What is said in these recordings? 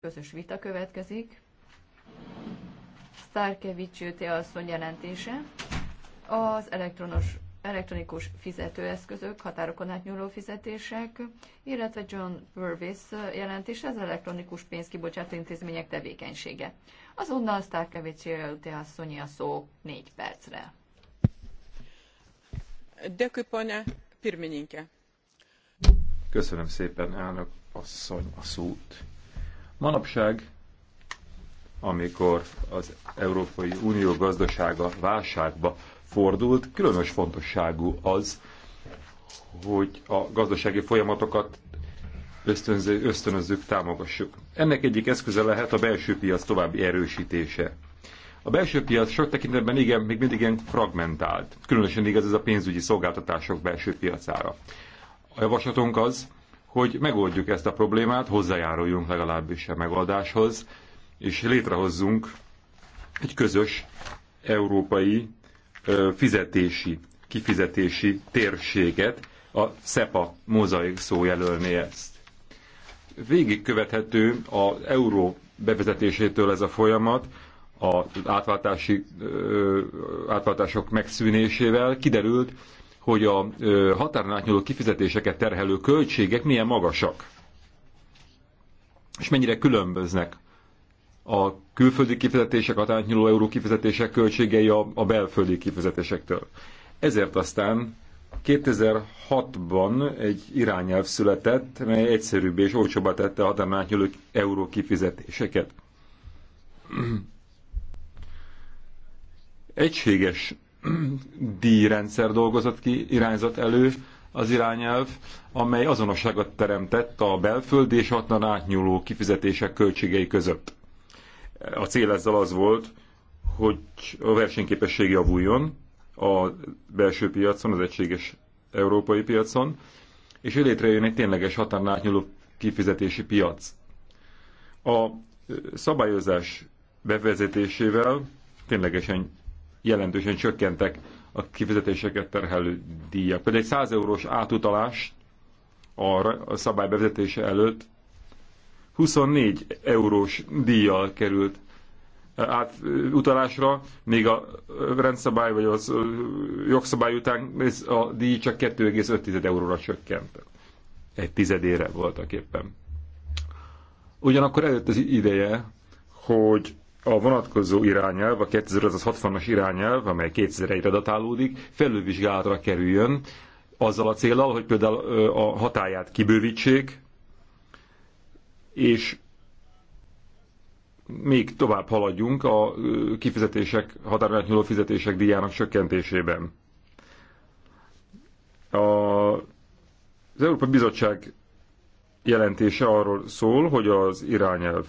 közös vita következik. Starkevics Jöte asszony jelentése. Az elektronos, elektronikus fizetőeszközök, határokon átnyúló fizetések, illetve John Purvis jelentése az elektronikus pénzkibocsátó intézmények tevékenysége. Azonnal Starkevics Jöte asszonyi a szó négy percre. Dekupone pirmininke. Köszönöm szépen, elnök asszony, a szót. Manapság, amikor az Európai Unió gazdasága válságba fordult, különös fontosságú az, hogy a gazdasági folyamatokat ösztönző, ösztönözzük, támogassuk. Ennek egyik eszköze lehet a belső piac további erősítése. A belső piac sok tekintetben igen, még mindig ilyen fragmentált. Különösen igaz ez a pénzügyi szolgáltatások belső piacára. A javaslatunk az, hogy megoldjuk ezt a problémát, hozzájáruljunk legalábbis a megoldáshoz, és létrehozzunk egy közös európai fizetési, kifizetési térséget, a SEPA mozaik szó jelölné ezt. követhető az euró bevezetésétől ez a folyamat, az átváltási, átváltások megszűnésével kiderült, hogy a határon átnyúló kifizetéseket terhelő költségek milyen magasak, és mennyire különböznek a külföldi kifizetések, határon átnyúló euró kifizetések költségei a, a belföldi kifizetésektől. Ezért aztán 2006-ban egy irányelv született, mely egyszerűbb és olcsóbbá tette a határon átnyúló euró kifizetéseket. Egységes díjrendszer dolgozott ki, irányzat elő az irányelv, amely azonosságot teremtett a belföldi és hatnán átnyúló kifizetések költségei között. A cél ezzel az volt, hogy a versenyképesség javuljon a belső piacon, az egységes európai piacon, és létrejön egy tényleges határnál átnyúló kifizetési piac. A szabályozás bevezetésével ténylegesen jelentősen csökkentek a kifizetéseket terhelő díjak. Például egy 100 eurós átutalás arra a szabály bevezetése előtt 24 eurós díjjal került eh, átutalásra, eh, még a eh, rendszabály vagy az jogszabály után ez a díj csak 2,5 euróra csökkent. Egy tizedére voltak éppen. Ugyanakkor előtt az ideje, hogy a vonatkozó irányelv, a 2560-as irányelv, amely 2001-re datálódik, felülvizsgálatra kerüljön, azzal a célral, hogy például a hatáját kibővítsék, és még tovább haladjunk a kifizetések, határon nyúló fizetések díjának csökkentésében. A, az Európai Bizottság jelentése arról szól, hogy az irányelv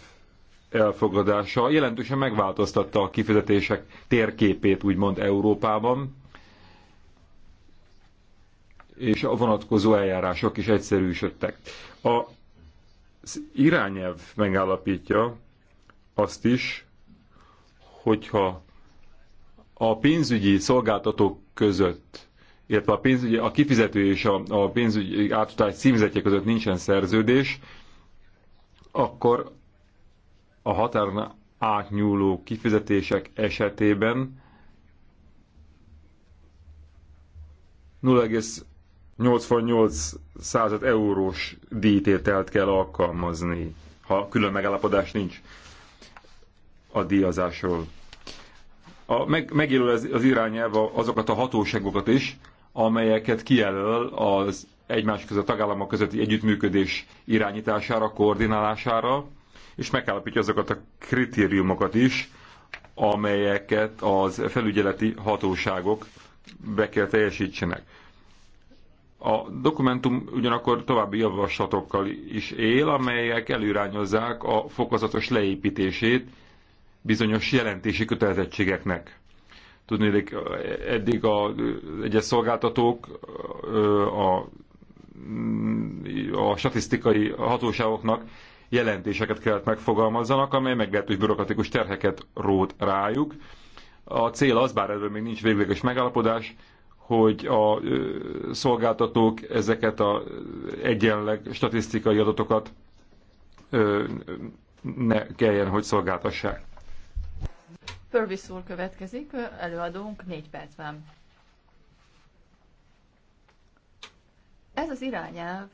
elfogadása jelentősen megváltoztatta a kifizetések térképét, úgymond Európában, és a vonatkozó eljárások is egyszerűsödtek. A az irányelv megállapítja azt is, hogyha a pénzügyi szolgáltatók között, illetve a, pénzügyi, a kifizető és a, a pénzügyi átutás címzetje között nincsen szerződés, akkor a határon átnyúló kifizetések esetében 0,88 század eurós díjtételt kell alkalmazni, ha külön megállapodás nincs a díjazásról. A, meg, megjelöl az, az irányelv azokat a hatóságokat is, amelyeket kijelöl az egymás között, a tagállamok közötti együttműködés irányítására, koordinálására, és megállapítja azokat a kritériumokat is, amelyeket az felügyeleti hatóságok be kell teljesítsenek. A dokumentum ugyanakkor további javaslatokkal is él, amelyek előrányozzák a fokozatos leépítését bizonyos jelentési kötelezettségeknek. Tudni, eddig az egyes szolgáltatók a, a statisztikai hatóságoknak jelentéseket kellett megfogalmazzanak, amely meglehetős bürokratikus terheket rót rájuk. A cél az, bár erről még nincs végleges megállapodás, hogy a szolgáltatók ezeket a egyenleg statisztikai adatokat ne kelljen, hogy szolgáltassák. Pörvis úr következik, előadónk négy percben. Ez az irányelv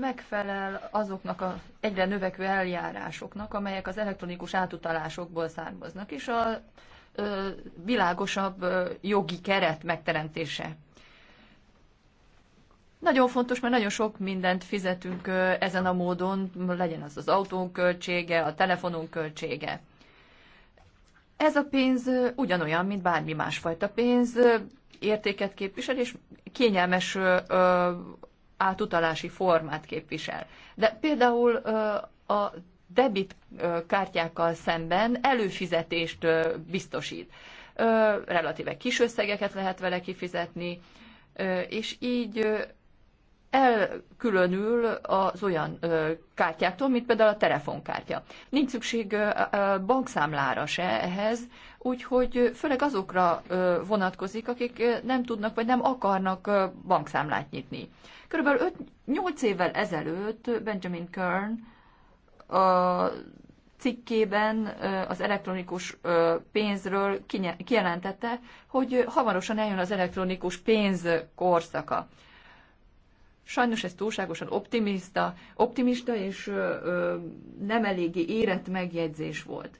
megfelel azoknak az egyre növekvő eljárásoknak, amelyek az elektronikus átutalásokból származnak, és a ö, világosabb ö, jogi keret megteremtése. Nagyon fontos, mert nagyon sok mindent fizetünk ö, ezen a módon, legyen az az autónk költsége, a telefonunk költsége. Ez a pénz ugyanolyan, mint bármi másfajta pénz, értéket képvisel, és kényelmes átutalási formát képvisel. De például a debit kártyákkal szemben előfizetést biztosít. Relatíve kis összegeket lehet vele kifizetni, és így elkülönül az olyan kártyáktól, mint például a telefonkártya. Nincs szükség bankszámlára se ehhez, úgyhogy főleg azokra vonatkozik, akik nem tudnak vagy nem akarnak bankszámlát nyitni. Körülbelül 5 8 évvel ezelőtt Benjamin Kern a cikkében az elektronikus pénzről kijelentette, hogy hamarosan eljön az elektronikus pénz korszaka. Sajnos ez túlságosan optimista, optimista és ö, nem eléggé érett megjegyzés volt.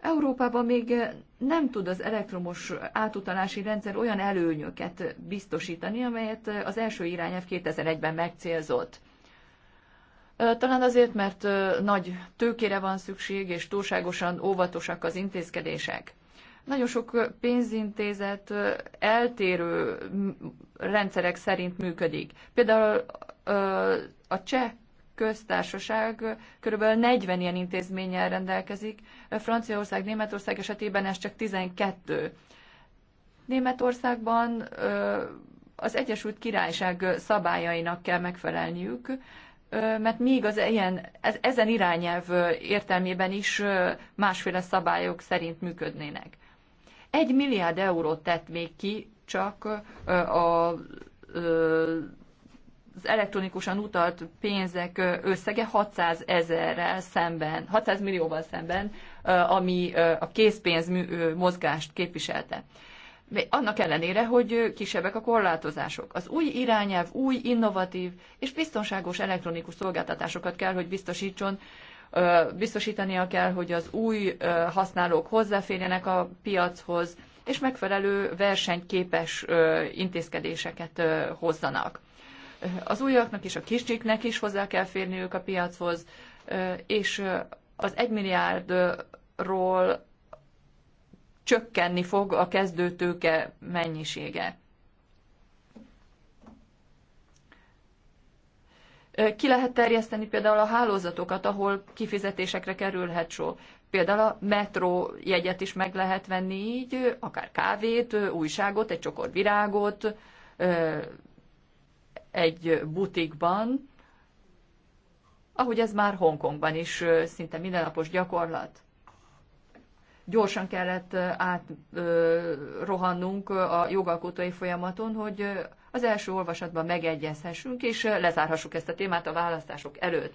Európában még nem tud az elektromos átutalási rendszer olyan előnyöket biztosítani, amelyet az első irányelv 2001-ben megcélzott. Talán azért, mert nagy tőkére van szükség, és túlságosan óvatosak az intézkedések. Nagyon sok pénzintézet eltérő rendszerek szerint működik. Például a cseh köztársaság kb. 40 ilyen intézménnyel rendelkezik, Franciaország, Németország esetében ez csak 12. Németországban az Egyesült Királyság szabályainak kell megfelelniük, mert még az ilyen, ezen irányelv értelmében is másféle szabályok szerint működnének. Egy milliárd eurót tett még ki csak a, az elektronikusan utalt pénzek összege 600 ezerrel szemben, 600 millióval szemben, ami a készpénz mozgást képviselte. Annak ellenére, hogy kisebbek a korlátozások. Az új irányelv új, innovatív és biztonságos elektronikus szolgáltatásokat kell, hogy biztosítson biztosítania kell, hogy az új használók hozzáférjenek a piachoz, és megfelelő versenyképes intézkedéseket hozzanak. Az újaknak és a kiscsiknek is hozzá kell férniük a piachoz, és az egymilliárdról milliárdról csökkenni fog a kezdőtőke mennyisége. Ki lehet terjeszteni például a hálózatokat, ahol kifizetésekre kerülhet sor. Például a metró jegyet is meg lehet venni így, akár kávét, újságot, egy csokor virágot, egy butikban, ahogy ez már Hongkongban is szinte mindennapos gyakorlat gyorsan kellett átrohannunk a jogalkotói folyamaton, hogy az első olvasatban megegyezhessünk, és lezárhassuk ezt a témát a választások előtt.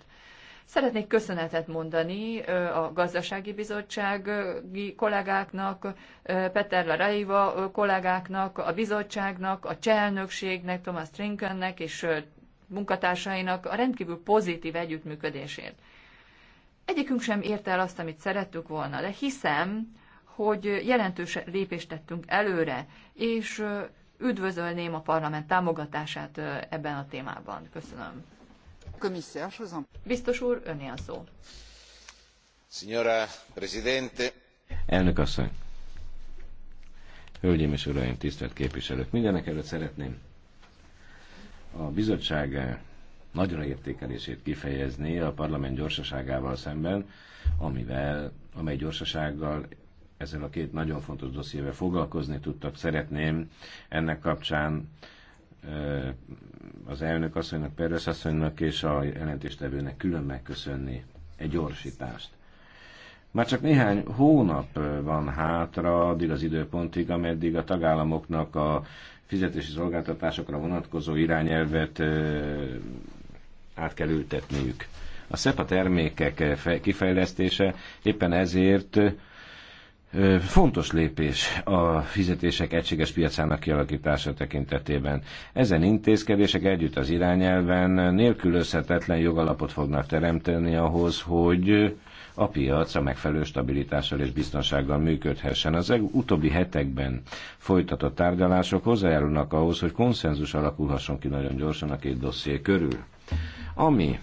Szeretnék köszönetet mondani a gazdasági bizottsági kollégáknak, Peter Laraiva kollégáknak, a bizottságnak, a cselnökségnek, Thomas Trinkennek és munkatársainak a rendkívül pozitív együttműködésért. Egyikünk sem érte el azt, amit szerettük volna, de hiszem, hogy jelentős lépést tettünk előre, és üdvözölném a parlament támogatását ebben a témában. Köszönöm. Biztos úr, önné a szó. Signora Presidente. Elnök asszony. Hölgyeim és uraim, tisztelt képviselők! Mindenek előtt szeretném a bizottság nagyra értékelését kifejezni a parlament gyorsaságával szemben, amivel, amely gyorsasággal ezzel a két nagyon fontos dossziével foglalkozni tudtak. Szeretném ennek kapcsán az elnök asszonynak, Peres asszonynak és a jelentéstevőnek külön megköszönni egy gyorsítást. Már csak néhány hónap van hátra, addig az időpontig, ameddig a tagállamoknak a fizetési szolgáltatásokra vonatkozó irányelvet át kell ültetniük. A SEPA termékek kifejlesztése éppen ezért fontos lépés a fizetések egységes piacának kialakítása tekintetében. Ezen intézkedések együtt az irányelven nélkülözhetetlen jogalapot fognak teremteni ahhoz, hogy a piac a megfelelő stabilitással és biztonsággal működhessen. Az utóbbi hetekben folytatott tárgyalások hozzájárulnak ahhoz, hogy konszenzus alakulhasson ki nagyon gyorsan a két dosszié körül. Ami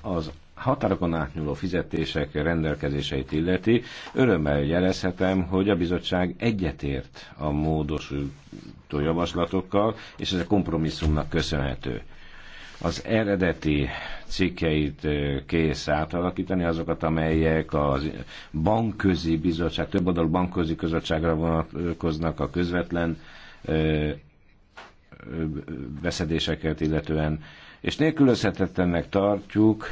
az határokon átnyúló fizetések rendelkezéseit illeti, örömmel jelezhetem, hogy a bizottság egyetért a módosító javaslatokkal, és ez a kompromisszumnak köszönhető. Az eredeti cikkeit kész átalakítani, azokat, amelyek a bankközi bizottság, több oldalú bankközi bizottságra vonatkoznak a közvetlen beszedéseket, illetően és nélkülözhetetlennek tartjuk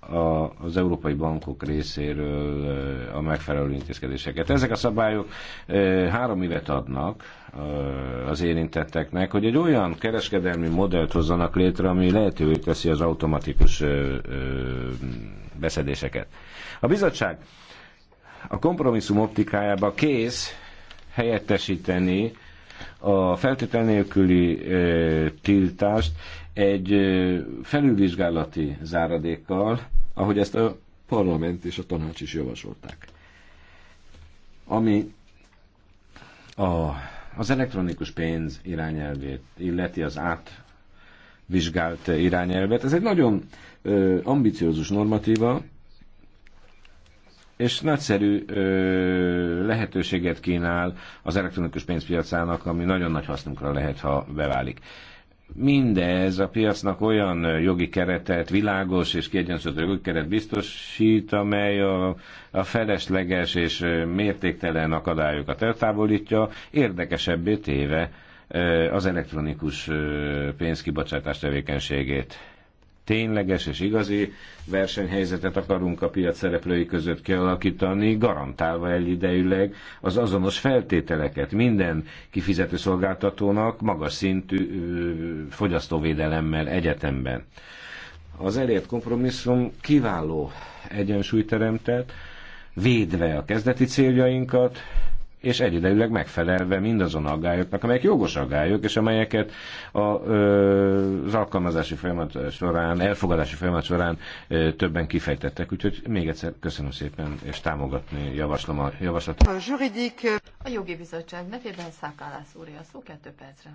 a, az európai bankok részéről eh, a megfelelő intézkedéseket. Ezek a szabályok eh, három évet adnak eh, az érintetteknek, hogy egy olyan kereskedelmi modellt hozzanak létre, ami lehetővé teszi az automatikus beszedéseket. A bizottság a kompromisszum optikájába kész helyettesíteni a feltétel nélküli e, tiltást egy e, felülvizsgálati záradékkal, ahogy ezt a parlament és a tanács is javasolták. Ami a, az elektronikus pénz irányelvét illeti az átvizsgált irányelvet, ez egy nagyon ambiciózus normatíva, és nagyszerű ö, lehetőséget kínál az elektronikus pénzpiacának, ami nagyon nagy hasznunkra lehet, ha beválik. Mindez a piacnak olyan jogi keretet, világos és kiegyensúlyozott jogi keret biztosít, amely a, a felesleges és mértéktelen akadályokat eltávolítja, érdekesebbé téve az elektronikus pénzkibocsátás tevékenységét tényleges és igazi versenyhelyzetet akarunk a piac szereplői között kialakítani, garantálva egyidejűleg az azonos feltételeket minden kifizető szolgáltatónak magas szintű fogyasztóvédelemmel egyetemben. Az elért kompromisszum kiváló egyensúlyteremtett, védve a kezdeti céljainkat, és egyidejűleg megfelelve mindazon aggályoknak, amelyek jogos aggályok, és amelyeket a, ö, az alkalmazási folyamat során, elfogadási folyamat során ö, többen kifejtettek. Úgyhogy még egyszer köszönöm szépen, és támogatni javaslom a javaslatot. A, juridik... a jogi bizottság nevében Szákálász úr, a szó kettő percre.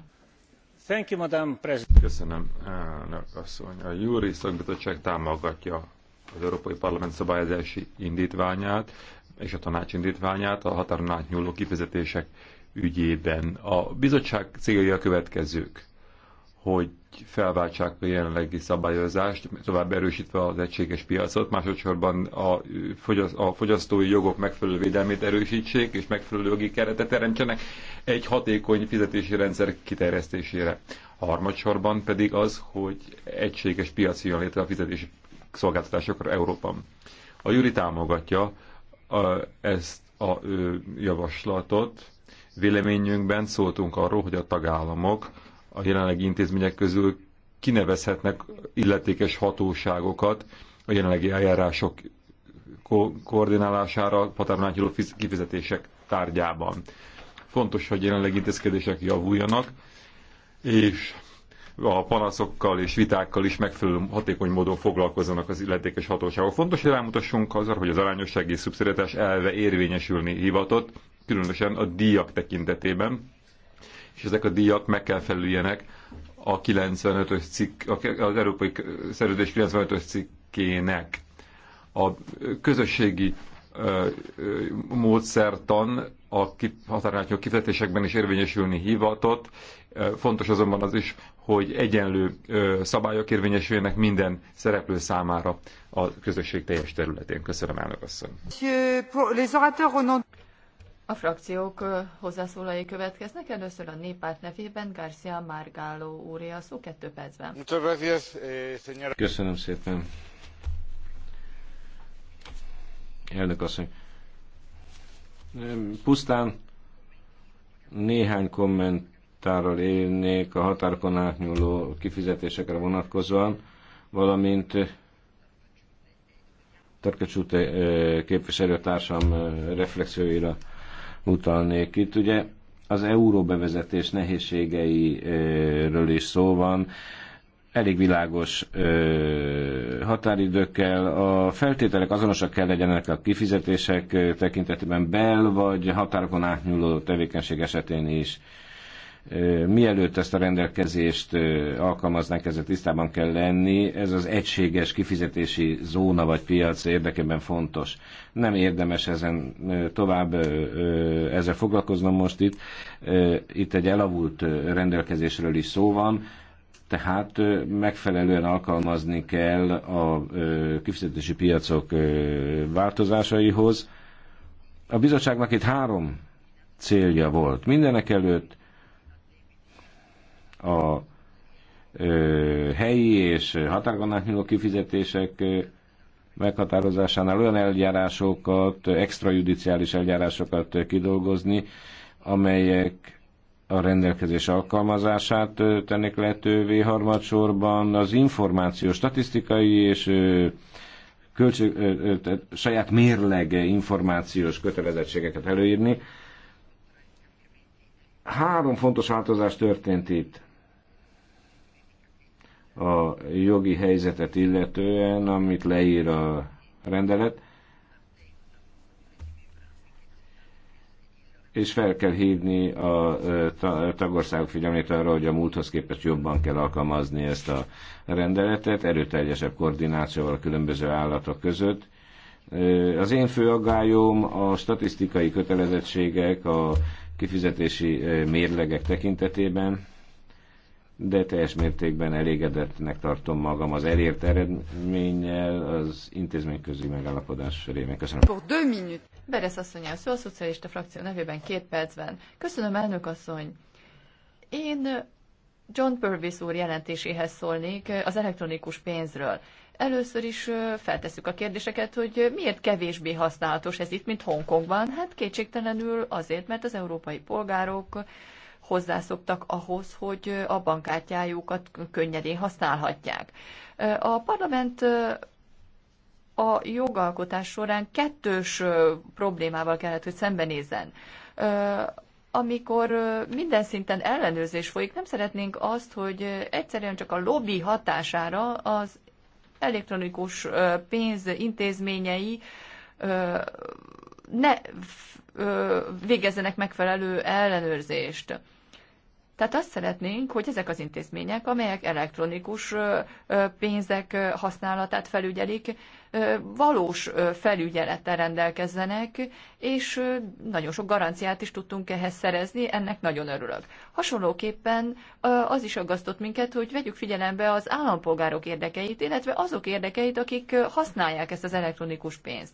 Thank you, Madam President. Köszönöm, elnök asszony. A júri szakbizottság támogatja az Európai Parlament szabályozási indítványát, és a tanács indítványát a határon átnyúló kifizetések ügyében. A bizottság célja a következők, hogy felváltsák a jelenlegi szabályozást, tovább erősítve az egységes piacot, másodszorban a, a fogyasztói jogok megfelelő védelmét erősítsék, és megfelelő jogi keretet teremtsenek egy hatékony fizetési rendszer kiterjesztésére. Harmadsorban pedig az, hogy egységes piac jön létre a fizetési szolgáltatásokra Európában. A Júri támogatja a, ezt a ö, javaslatot. Véleményünkben szóltunk arról, hogy a tagállamok a jelenlegi intézmények közül kinevezhetnek illetékes hatóságokat a jelenlegi eljárások ko- koordinálására határon kifizetések tárgyában. Fontos, hogy jelenlegi intézkedések javuljanak, és a panaszokkal és vitákkal is megfelelő hatékony módon foglalkozzanak az illetékes hatóságok. Fontos, hogy rámutassunk azzal, hogy az és szubszidiaritás elve érvényesülni hivatott, különösen a díjak tekintetében, és ezek a díjak meg kell felüljenek a 95-ös cikk, az Európai Szerződés 95-ös cikkének. A közösségi módszertan a határátnyó kifizetésekben is érvényesülni hivatott. Fontos azonban az is, hogy egyenlő szabályok érvényesüljenek minden szereplő számára a közösség teljes területén. Köszönöm, elnök asszony. A frakciók hozzászólai következnek. Először a néppárt nevében Garcia Margáló úré a szó kettő percben. Köszönöm szépen. Elnök asszony. Pusztán néhány komment vitárral élnék a határokon átnyúló kifizetésekre vonatkozóan, valamint Tarkacsúte eh, képviselőtársam eh, reflexióira utalnék itt. Ugye az euró bevezetés nehézségeiről is szó van, elég világos ö, eh, határidőkkel. A feltételek azonosak kell legyenek a kifizetések tekintetében bel vagy határokon átnyúló tevékenység esetén is. Mielőtt ezt a rendelkezést alkalmaznánk, ezzel tisztában kell lenni. Ez az egységes kifizetési zóna vagy piac érdekében fontos. Nem érdemes ezen tovább ezzel foglalkoznom most itt. Itt egy elavult rendelkezésről is szó van. Tehát megfelelően alkalmazni kell a kifizetési piacok változásaihoz. A bizottságnak itt három célja volt. Mindenek előtt a ö, helyi és határgon átnyúló kifizetések meghatározásánál olyan eljárásokat, extrajudiciális eljárásokat kidolgozni, amelyek a rendelkezés alkalmazását tennék lehetővé harmadsorban az információ, statisztikai és költség, saját mérlege információs kötelezettségeket előírni. Három fontos változás történt itt a jogi helyzetet illetően, amit leír a rendelet, és fel kell hívni a tagországok figyelmét arra, hogy a múlthoz képest jobban kell alkalmazni ezt a rendeletet, erőteljesebb koordinációval a különböző állatok között. Az én fő aggályom a statisztikai kötelezettségek, a kifizetési mérlegek tekintetében, de teljes mértékben elégedettnek tartom magam az elért eredménnyel az intézményközi megállapodás révén. Köszönöm. Pour deux minutes. Beresz asszony, a a szocialista frakció nevében két percben. Köszönöm, elnök asszony. Én John Purvis úr jelentéséhez szólnék az elektronikus pénzről. Először is feltesszük a kérdéseket, hogy miért kevésbé használatos ez itt, mint Hongkongban. Hát kétségtelenül azért, mert az európai polgárok hozzászoktak ahhoz, hogy a bankkártyájukat könnyedén használhatják. A parlament a jogalkotás során kettős problémával kellett, hogy szembenézzen. Amikor minden szinten ellenőrzés folyik, nem szeretnénk azt, hogy egyszerűen csak a lobby hatására az elektronikus pénz intézményei ne végezzenek megfelelő ellenőrzést. Tehát azt szeretnénk, hogy ezek az intézmények, amelyek elektronikus pénzek használatát felügyelik, valós felügyelettel rendelkezzenek, és nagyon sok garanciát is tudtunk ehhez szerezni, ennek nagyon örülök. Hasonlóképpen az is aggasztott minket, hogy vegyük figyelembe az állampolgárok érdekeit, illetve azok érdekeit, akik használják ezt az elektronikus pénzt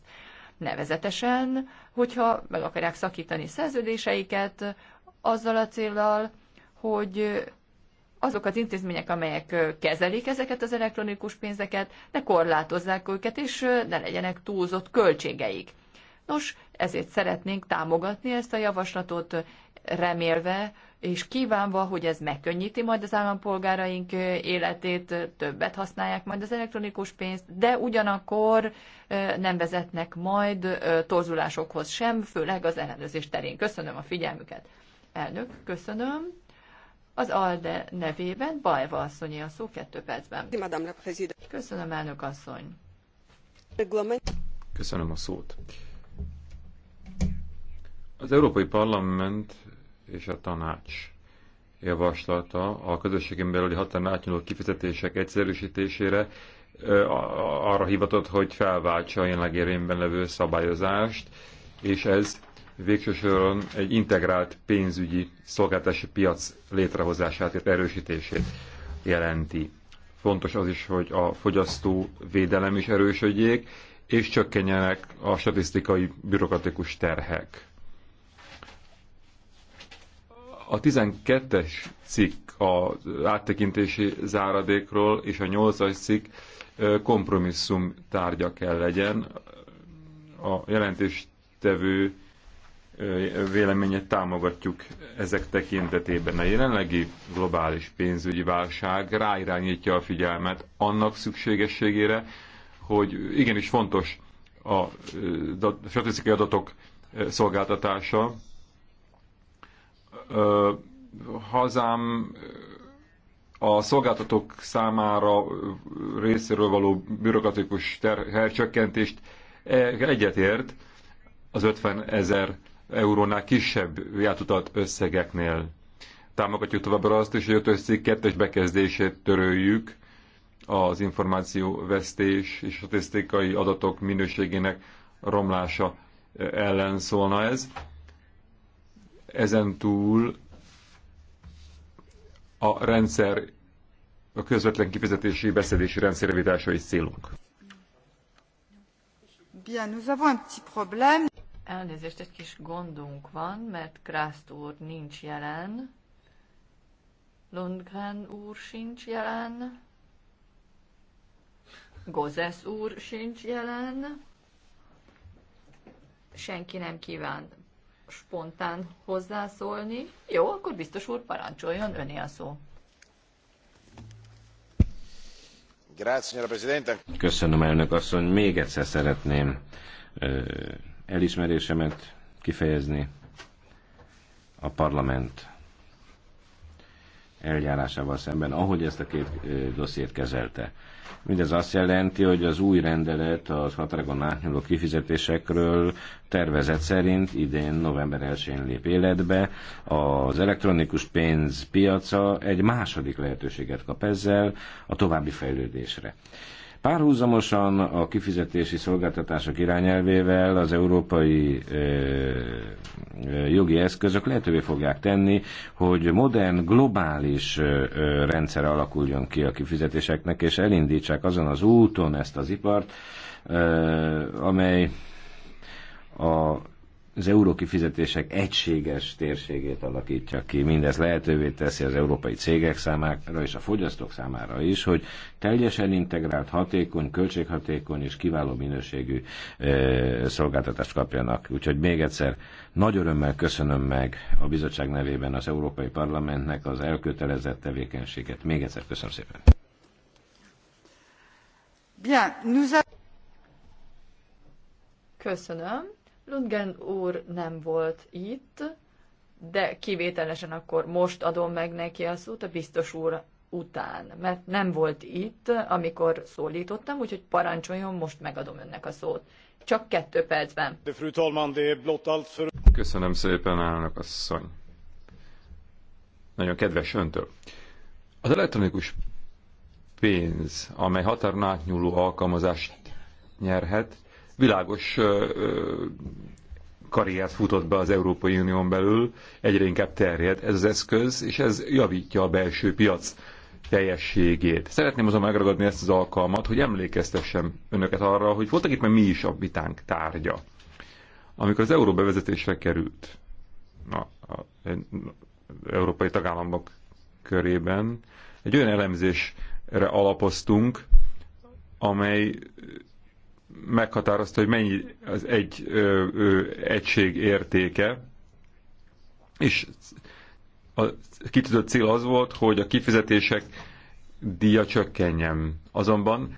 nevezetesen, hogyha meg akarják szakítani szerződéseiket, azzal a célral, hogy azok az intézmények, amelyek kezelik ezeket az elektronikus pénzeket, ne korlátozzák őket, és ne legyenek túlzott költségeik. Nos, ezért szeretnénk támogatni ezt a javaslatot, remélve és kívánva, hogy ez megkönnyíti majd az állampolgáraink életét, többet használják majd az elektronikus pénzt, de ugyanakkor nem vezetnek majd torzulásokhoz sem, főleg az ellenőrzés terén. Köszönöm a figyelmüket. Elnök, köszönöm. Az ALDE nevében Bajva asszonyi a szó kettő percben. Köszönöm, elnök asszony. Köszönöm a szót. Az Európai Parlament és a tanács javaslata a közösségén belüli határon átnyúló kifizetések egyszerűsítésére arra hivatott, hogy felváltsa a jelenleg érvényben levő szabályozást, és ez végső soron egy integrált pénzügyi szolgáltási piac létrehozását, és erősítését jelenti. Fontos az is, hogy a fogyasztó védelem is erősödjék, és csökkenjenek a statisztikai bürokratikus terhek. A 12-es cikk az áttekintési záradékról és a 8-as cikk kompromisszum tárgya kell legyen. A jelentéstevő véleményet támogatjuk ezek tekintetében. A jelenlegi globális pénzügyi válság ráirányítja a figyelmet annak szükségességére, hogy igenis fontos a statisztikai adatok szolgáltatása, ö, hazám a szolgáltatók számára részéről való bürokratikus hercsökkentést e, egyetért az 50 ezer eurónál kisebb játutat összegeknél. Támogatjuk továbbra azt is, hogy a cikk 2 bekezdését töröljük, az információvesztés és statisztikai adatok minőségének romlása ellen szólna ez. Ezen túl a rendszer a közvetlen kifizetési beszedési rendszer is célunk. Bien, nous avons un petit problème. Elnézést, egy kis gondunk van, mert Krászt úr nincs jelen, Lundgren úr sincs jelen, Gozesz úr sincs jelen, senki nem kíván spontán hozzászólni. Jó, akkor biztos úr parancsoljon, öné a szó. Köszönöm, elnök asszony. Még egyszer szeretném ö, elismerésemet kifejezni a parlament eljárásával szemben, ahogy ezt a két dossziét kezelte. Mindez azt jelenti, hogy az új rendelet az határagon átnyúló kifizetésekről tervezet szerint idén november 1-én lép életbe. Az elektronikus pénz piaca egy második lehetőséget kap ezzel a további fejlődésre. Párhuzamosan a kifizetési szolgáltatások irányelvével az európai jogi eszközök lehetővé fogják tenni, hogy modern, globális rendszer alakuljon ki a kifizetéseknek, és elindítsák azon az úton ezt az ipart, amely a az euróki fizetések egységes térségét alakítja ki. Mindez lehetővé teszi az európai cégek számára és a fogyasztók számára is, hogy teljesen integrált, hatékony, költséghatékony és kiváló minőségű ö, szolgáltatást kapjanak. Úgyhogy még egyszer nagy örömmel köszönöm meg a bizottság nevében az Európai Parlamentnek az elkötelezett tevékenységet. Még egyszer köszönöm szépen. Bien, nous a... Köszönöm Lundgen úr nem volt itt, de kivételesen akkor most adom meg neki a szót a biztos úr után, mert nem volt itt, amikor szólítottam, úgyhogy parancsoljon, most megadom önnek a szót. Csak kettő percben. Köszönöm szépen, elnök asszony. Nagyon kedves öntől. Az elektronikus pénz, amely határon átnyúló alkalmazást nyerhet, világos karriert futott be az Európai Unión belül, egyre inkább terjed ez az eszköz, és ez javítja a belső piac teljességét. Szeretném azon megragadni ezt az alkalmat, hogy emlékeztessem önöket arra, hogy voltak itt már mi is a vitánk tárgya. Amikor az euró bevezetésre került a, a, a, a, európai tagállamok körében, egy olyan elemzésre alapoztunk, amely meghatározta, hogy mennyi az egy ö, ö, egység értéke, és a kitűzött cél az volt, hogy a kifizetések díja csökkenjen. Azonban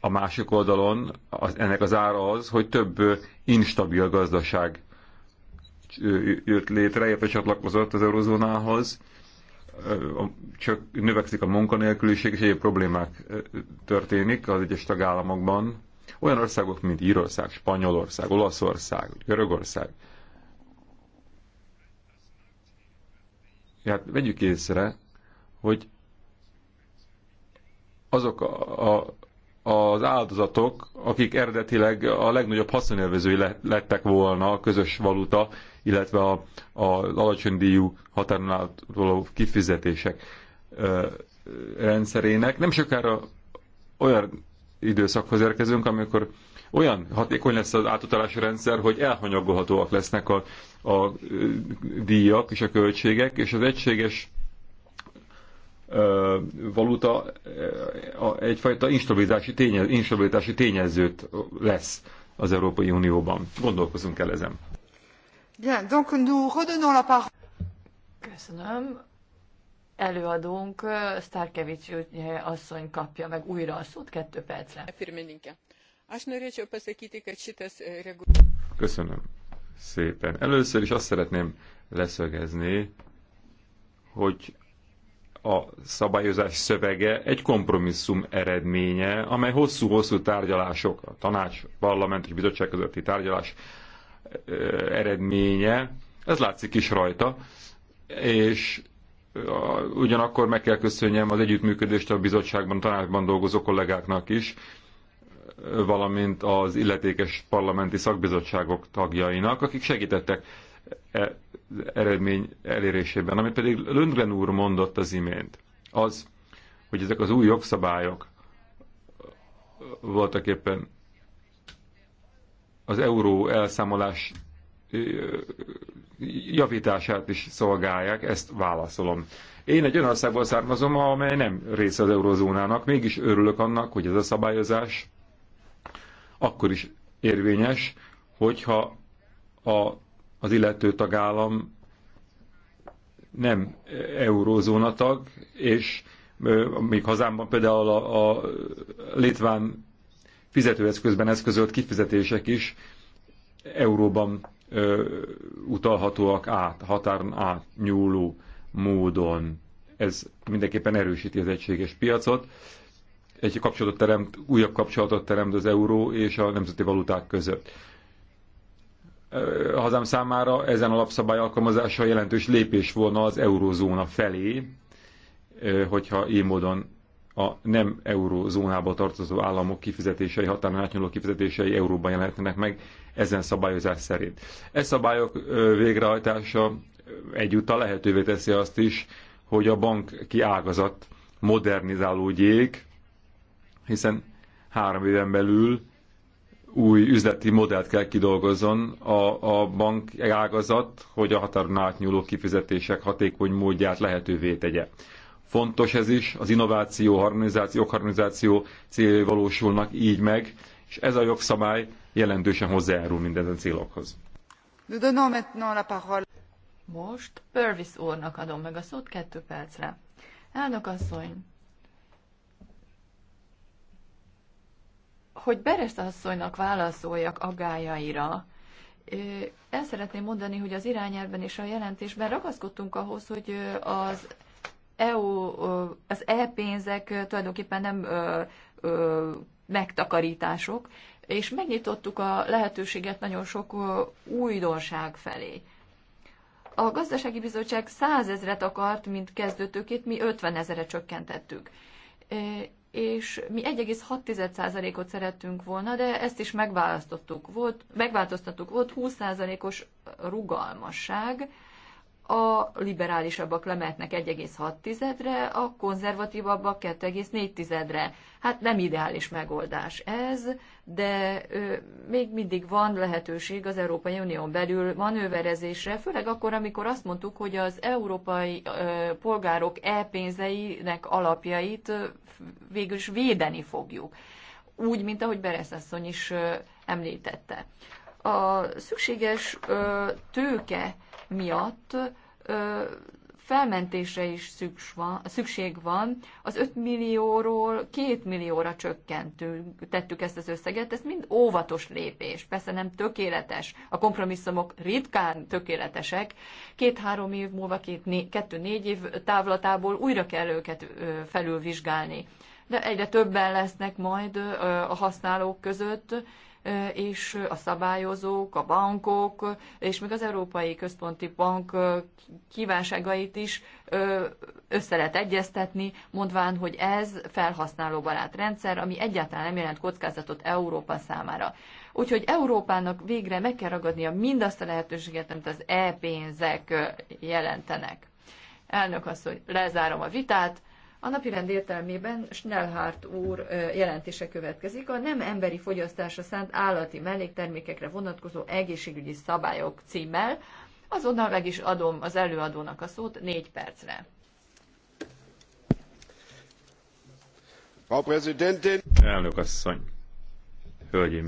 a másik oldalon az, ennek az ára az, hogy több instabil gazdaság jött létre, illetve csatlakozott az eurozónához, csak növekszik a munkanélküliség, és egyéb problémák történik az egyes tagállamokban. Olyan országok, mint Írország, Spanyolország, Olaszország, Görögország. Hát vegyük észre, hogy azok a, a, az áldozatok, akik eredetileg a legnagyobb haszonélvezői lettek volna a közös valuta, illetve a, a alacsony díjú határon átoló kifizetések ö, rendszerének. Nem sokára olyan időszakhoz érkezünk, amikor olyan hatékony lesz az átutalási rendszer, hogy elhanyagolhatóak lesznek a, a díjak és a költségek, és az egységes valuta egyfajta instabilitási, tényez, instabilitási tényezőt lesz az Európai Unióban. Gondolkozunk el ezen. Bien, donc nous redonnons la parole. Köszönöm előadónk Starkevics asszony kapja meg újra a szót kettő percre. Köszönöm szépen. Először is azt szeretném leszögezni, hogy a szabályozás szövege egy kompromisszum eredménye, amely hosszú-hosszú tárgyalások, a tanács, parlament és bizottság közötti tárgyalás eredménye, ez látszik is rajta, és ugyanakkor meg kell köszönjem az együttműködést a bizottságban, tanácsban dolgozó kollégáknak is, valamint az illetékes parlamenti szakbizottságok tagjainak, akik segítettek e, eredmény elérésében. Amit pedig Lundgren úr mondott az imént, az, hogy ezek az új jogszabályok voltak éppen az euró elszámolás javítását is szolgálják, ezt válaszolom. Én egy olyan országból származom, amely nem része az eurozónának, mégis örülök annak, hogy ez a szabályozás akkor is érvényes, hogyha a, az illető tagállam nem eurózóna tag, és még hazámban például a, a litván fizetőeszközben eszközölt kifizetések is euróban utalhatóak át, határon nyúló módon. Ez mindenképpen erősíti az egységes piacot. Egy kapcsolatot teremt, újabb kapcsolatot teremt az euró és a nemzeti valuták között. A hazám számára ezen alapszabály alkalmazása jelentős lépés volna az eurózóna felé, hogyha így módon a nem eurózónába tartozó államok kifizetései, határon átnyúló kifizetései euróban jelentenek meg ezen szabályozás szerint. E szabályok végrehajtása egyúttal lehetővé teszi azt is, hogy a bank kiágazat modernizálódjék, hiszen három éven belül új üzleti modellt kell kidolgozzon a, a bank ágazat, hogy a határon átnyúló kifizetések hatékony módját lehetővé tegye. Fontos ez is, az innováció, harmonizáció, harmonizáció céljai valósulnak így meg, és ez a jogszabály jelentősen hozzájárul mindezen célokhoz. Most Purvis úrnak adom meg a szót kettő percre. Elnök asszony, hogy Beres asszonynak válaszoljak agájaira, el szeretném mondani, hogy az irányelben és a jelentésben ragaszkodtunk ahhoz, hogy az EU, az e-pénzek tulajdonképpen nem ö, ö, megtakarítások, és megnyitottuk a lehetőséget nagyon sok újdonság felé. A gazdasági bizottság százezret akart, mint kezdőtőkét, mi 50 ezeret csökkentettük. És mi 1,6%-ot szerettünk volna, de ezt is megválasztottuk. Volt, megváltoztattuk. Volt 20%-os rugalmasság, a liberálisabbak lemehetnek 1,6-re, a konzervatívabbak 2,4-re. Hát nem ideális megoldás ez, de ö, még mindig van lehetőség az Európai Unión belül manőverezésre, főleg akkor, amikor azt mondtuk, hogy az európai ö, polgárok e-pénzeinek alapjait ö, végül is védeni fogjuk. Úgy, mint ahogy Beresz asszony is ö, említette. A szükséges ö, tőke, miatt felmentésre is szükség van. Az 5 millióról 2 millióra csökkentünk, tettük ezt az összeget, ez mind óvatos lépés, persze nem tökéletes, a kompromisszumok ritkán tökéletesek, két-három év múlva, kettő-négy év távlatából újra kell őket felülvizsgálni. De egyre többen lesznek majd a használók között, és a szabályozók, a bankok, és még az Európai Központi Bank kívánságait is össze lehet egyeztetni, mondván, hogy ez felhasználóbarát rendszer, ami egyáltalán nem jelent kockázatot Európa számára. Úgyhogy Európának végre meg kell ragadnia mindazt a lehetőséget, amit az e-pénzek jelentenek. Elnök azt, hogy lezárom a vitát, a napirend értelmében Schnellhardt úr jelentése következik a nem emberi fogyasztásra szánt állati melléktermékekre vonatkozó egészségügyi szabályok címmel. Azonnal meg is adom az előadónak a szót négy percre. Frau Präsidentin! Elnök asszony! Hölgyeim